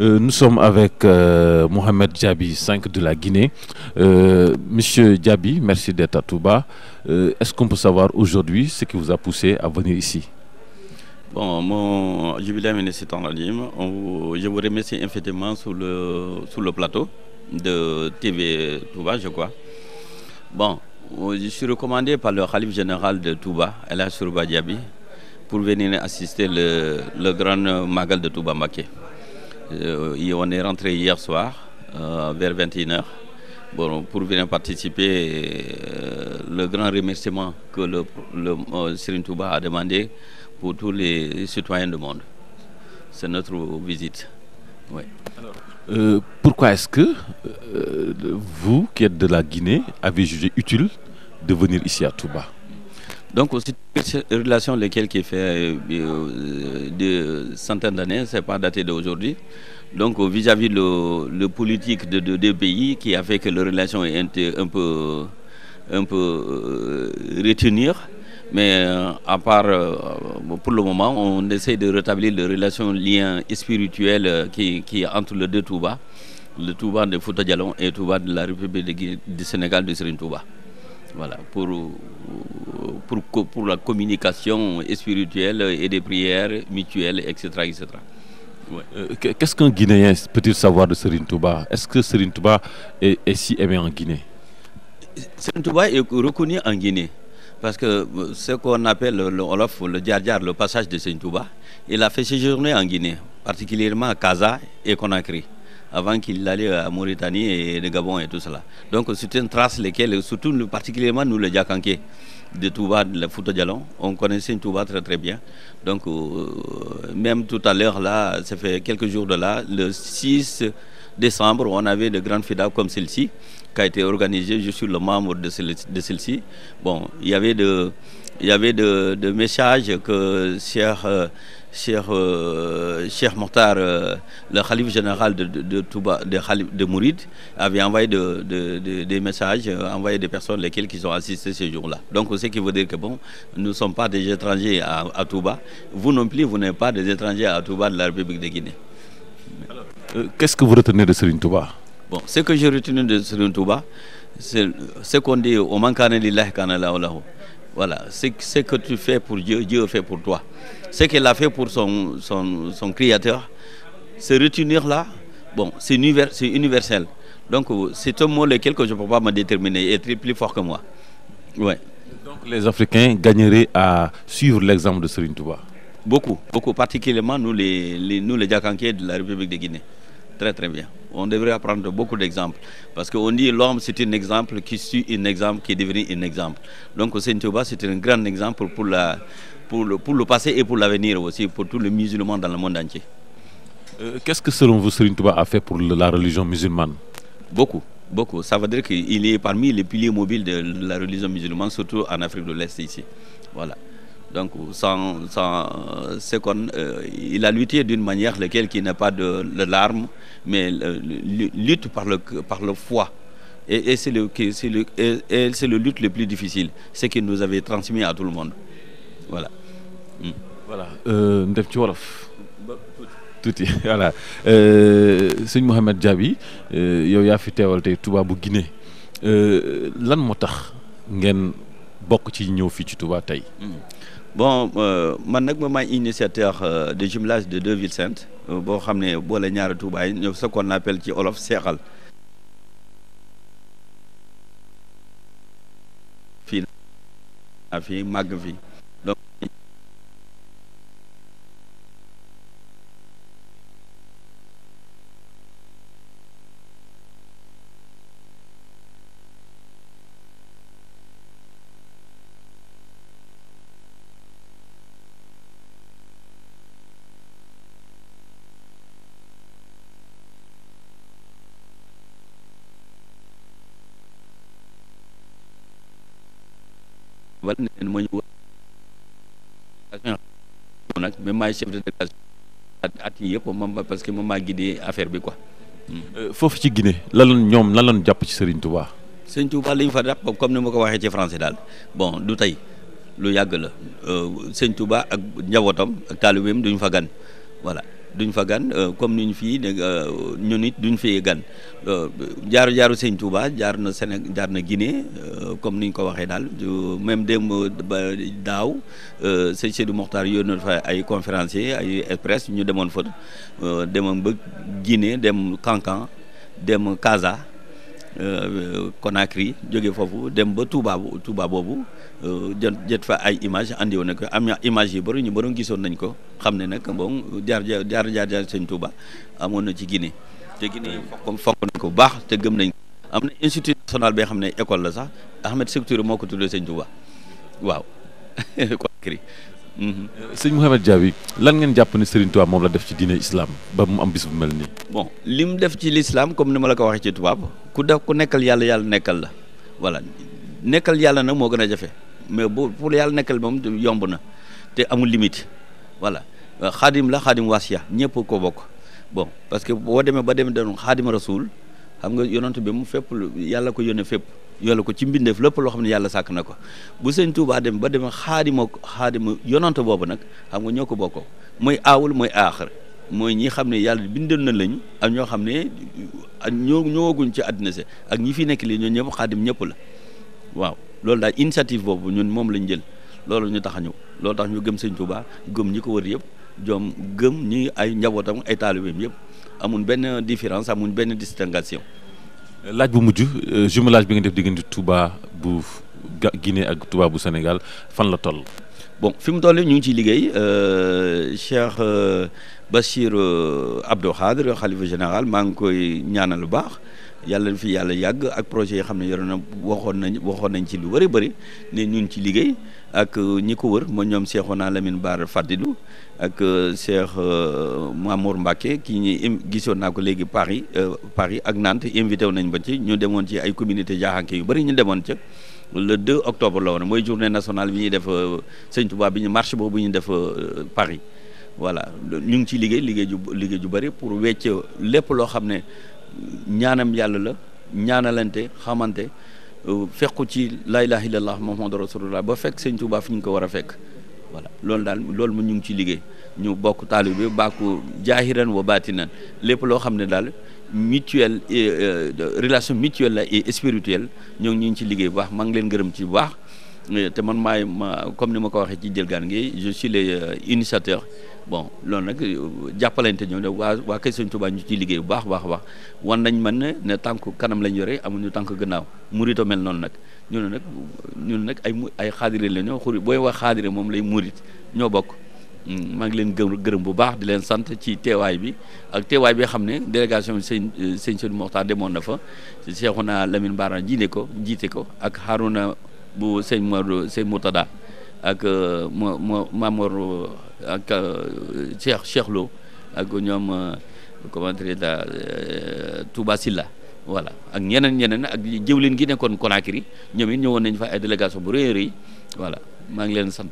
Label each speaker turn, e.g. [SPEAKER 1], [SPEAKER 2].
[SPEAKER 1] Euh, nous sommes avec euh, Mohamed Diaby, 5 de la Guinée. Euh, monsieur Diaby, merci d'être à Touba. Est-ce qu'on peut savoir aujourd'hui ce qui vous a poussé à venir ici
[SPEAKER 2] Bon, mon je vous remercie infiniment sur le, plateau de TV Touba, je crois. Bon, je suis recommandé par le Khalif général de Touba, El Surba Diaby, pour venir assister le, grand magal de Touba Maké. Euh, on est rentré hier soir euh, vers 21h bon, pour venir participer. Euh, le grand remerciement que le, Touba a demandé pour tous les citoyens du monde. C'est notre visite.
[SPEAKER 1] pourquoi est-ce que vous, qui êtes de la Guinée, avez jugé utile de venir ici à Touba
[SPEAKER 2] donc, aussi, cette relation, lesquelles qui fait euh, euh, des centaines d'années, c'est pas daté d'aujourd'hui. Donc, vis-à-vis de le, politique de deux pays qui a fait que la relation a un peu, un peu euh, retenue. Mais à part, pour le moment, on essaie de rétablir les relations, liens spirituels qui, qui entre les deux Touba, le Touba de Fouta Dialon et le Touba de la République du Sénégal de Serine Touba. Voilà, pour pour, la communication spirituelle et des prières mutuelles, etc. etc. Euh, qu'est-ce
[SPEAKER 1] qu'un Guinéen peut-il savoir de Serine Touba Est-ce que Serine Touba est, si aimé en Guinée
[SPEAKER 2] Serine Touba est reconnu en Guinée. Parce que euh, ce qu'on appelle le, le le passage de Serine Touba, il a fait séjourner en Guinée, particulièrement à Kaza et Conakry avant qu'il allait à Mauritanie et le Gabon et tout cela. Donc c'est une trace lesquelles, surtout particulièrement nous les Diakanké de Touba, de la Fouta on connaissait une Touba très très bien. Donc euh, même tout à l'heure là, ça fait quelques jours de là, le 6 décembre, on avait de grandes fédères comme celle-ci, qui a été organisée, je suis le membre de celle-ci. Bon, il y avait de, il y avait de, messages que Cher... Cher, euh, Mortar, euh, le calife général de, de, Mourid, avait envoyé des messages, euh, envoyé des personnes lesquelles qui sont assisté ce jour-là. Donc, ce qui veut dire que bon, nous ne sommes pas des étrangers à, Touba. Vous non plus, vous n'êtes pas des étrangers à Touba de la République de Guinée.
[SPEAKER 1] Qu'est-ce que vous retenez de Serine Touba
[SPEAKER 2] Bon, ce que j'ai retenu de Serine Touba, c'est ce qu'on dit au Mankane lillah, Kana voilà, ce que tu fais pour Dieu, Dieu fait pour toi. Ce qu'elle a fait pour son, son, Créateur, se retenir là, bon, c'est universel. Donc c'est un mot lequel que je ne peux pas me déterminer, être plus fort que moi.
[SPEAKER 1] Ouais. Donc les Africains gagneraient à suivre l'exemple de Serine Touba
[SPEAKER 2] Beaucoup, beaucoup, particulièrement nous les, les nous les de la République de Guinée. Très très bien. On devrait apprendre beaucoup d'exemples. Parce qu'on dit l'homme c'est un exemple qui suit un exemple, qui est devenu un exemple. Donc Hossein Touba c'est un grand exemple pour, le, pour le passé et pour l'avenir aussi, pour tous les musulmans dans le monde entier.
[SPEAKER 1] Euh, qu'est-ce que selon vous Touba a fait pour la religion musulmane
[SPEAKER 2] Beaucoup. Beaucoup. Ça veut dire qu'il est parmi les piliers mobiles de la religion musulmane, surtout en Afrique de l'Est ici. Voilà. Donc, sans, sans euh, il a lutté d'une manière laquelle qui n'a pas de, de, larmes, mais lutte par le, par le foi Et, et c'est le, c'est le, et, et le lutte le plus difficile, ce qu'il nous avait transmis à tout le monde. Voilà.
[SPEAKER 1] Mm. Voilà. Euh, bah, Touti. voilà euh, sëñ Mohamed Djabi euh, yow yaa fi teewal tey Touba bu Guinée euh, lan moo tax ngeen bokk ci ñëw fii ci Touba tey.
[SPEAKER 2] Hmm bon euh, man suis initiateur euh, de gymnase de deux villes saintes je que ce qu'on appelle olof Serral. wala ne leen moo ñu war nag même maay chef de délégation at yi yëpp moom parce que moom maa dee affaire bi ko hmm. euh,
[SPEAKER 1] foofu ci Guinée lan ñoom lan lañu jàpp ci Serigne Touba
[SPEAKER 2] Serigne Touba li ñu fa jàpp comme ni ma ko waxee ci français daal bon du tey lu yàgg la euh, Serigne Touba ak njabootam ak taalibeem duñu fa gan voilà duñ fa gan euh, comme niñ fi fii euh, ñu nit duñ fi gan euh, jaaru jaaru seigne Touba jaar na Sénégal jaar na Guinée comme niñ ko waxé dal même dem ba daaw sëñ Seydou Mokhtar yónnoon fa ay conférencier ay express ñu demoon fa demoon ba Guinée dem Kankan dem Casa. Euh, Conakry jóge foofu dem ba Touba Touba boobu jot euh, jot fa ay image andi woon na ko am image yi bëri ñu bëri gisoon nañ ko xam ne nag bon jaar jaar jaar jaar sëñ amoon na ci Guinée te Guinée comme euh, fonk nañ ko bu baax te gëm nañ ko am na institut national bee xam ne école la sax Ahmed Sékou Touré moo ko tuddee sëñ Touba waaw Conakry
[SPEAKER 1] Euh, sëñ Mouhamed Dia bi lan ngeen jàpp ne Serigne Touba moom la def ci diine islam ba mu am bis bu mel nii.
[SPEAKER 2] bon li mu def ci lislaam comme ni ma la ko waxee ci tubaab ku def ku nekkal yàlla yàlla nekkal la voilà nekkal yàlla nag moo gën a jafe mais bu pour yàlla nekkal moom yomb na te amul limite voilà euh, xaadim la xaadim wasiya ñëpp koo bokk bon parce que boo demee ba demee doon xaadim rasul xam nga yonent bi mu fépp yàlla ko yónnee fépp yàlla ko ci mbindeef lépp loo xam ne yàlla sàkk na ko bu sëñ Tuubaa dem ba demee xaadima xaadima yonent boobu nag xam nga ñoo ko bokkoo mooy aawul mooy aaxir mooy ñi xam ne yàlla bindal na lañ ak ñoo xam ne ñoo ñëwaguñ ci àddina si ak ñi fi nekk lii ñoo ñëpp xaadim ñëpp la waaw loolu daal initiative boobu ñun moom lañ jël loolu ñu tax a ñëw loolu tax ñu gëm sëñ Tuubaa gëm ñi ko wër yëpp joom gëm ñi ay njabootam ay taalibeem yëpp amuñ ben différence amuñ ben distinction.
[SPEAKER 1] laaj bu mujj euh, jumelage bi nga def Touba bu Guinée ak Touba bu Sénégal fan la toll. bon fi mu toll ñu
[SPEAKER 2] ngi ciy liggéey euh, Cheikh euh, Bachir Abdou Khadre général maa ngi koy ñaanal baax. yàlla na fi yàlla yàgg ak projet yi xam ne yoroon na waxoon nañ waxoon nañ ci lu bëri bëri ne ñun ci liggéey ak euh, ñi ko wër ma ñoom Cheikhouna Lamine Bara Fadilou ak euh, Cheikh euh, Mamour Mbacké kii ñi gisoon naa ko léegi Paris Paris ak Nantes invité wu nañ ba ci ñu demoon ci ay communauté jaaxanke yu bëri ñu demoon ca le 2 octobre la woon mooy journée nationale bi ñuy def Sëñ Touba bi ñu marche boobu ñu def Paris voilà ñu ngi ci liggéey liggéey ju liggéey ju bëri pour wecc lépp loo xam ne ñaanam yàlla la ñaanalante xamante fekku ci laa ilaaha illallah muhammadu rasulullah ba fekk sëñ Tuubaa fi ñu ko war a fekk voilà lool daal loolu mu ñu ngi ci liggéey ñu bokk taalibe bàkku jaahiran wa baatinan lépp loo xam ne daal mutuelle euh, euh, relation mutuelle la et spirituelle ñoo ngi ñu ngi ci liggéey bu baax maa ngi leen gërëm ci bu baax te man maay comme ni ma ko ci jëlgaan gi je suis les euh, initiateurs bon lool nak euh, jàppalante ñoom wa kay seigne Tuubaa ñu ci liggéey bu baax baax baax wan nañ man ne ne tànk kanam lañ yoré amuñu tànk gannaaw murit a mel non nak ñu ne nag ñu ne ay ay xaadire la ñoo xuri booy wax xaadire moom lay murit ñoo bok hmm, maa ngi leen gëm bu baax di leen sant ci téway bi ak téway bi xamné délégation seigne euh, seigne sëñ Sëñ Moxtaar na fa cheikhuna lamine Baara jiite ko jité ko ak Haruna bu sëñ Modou sëñ Moutada ak euh, mo mo ak euh, Cheikh Cheikh Lo ak ñoom euh, comment dire Touba Silla voilà ak ñeneen ñeneen ak jëwlin gi nekkoon Conakry ñoom it ñëwoon nañ fa ay délégation bu rëy rëy voilà maa ngi leen sant.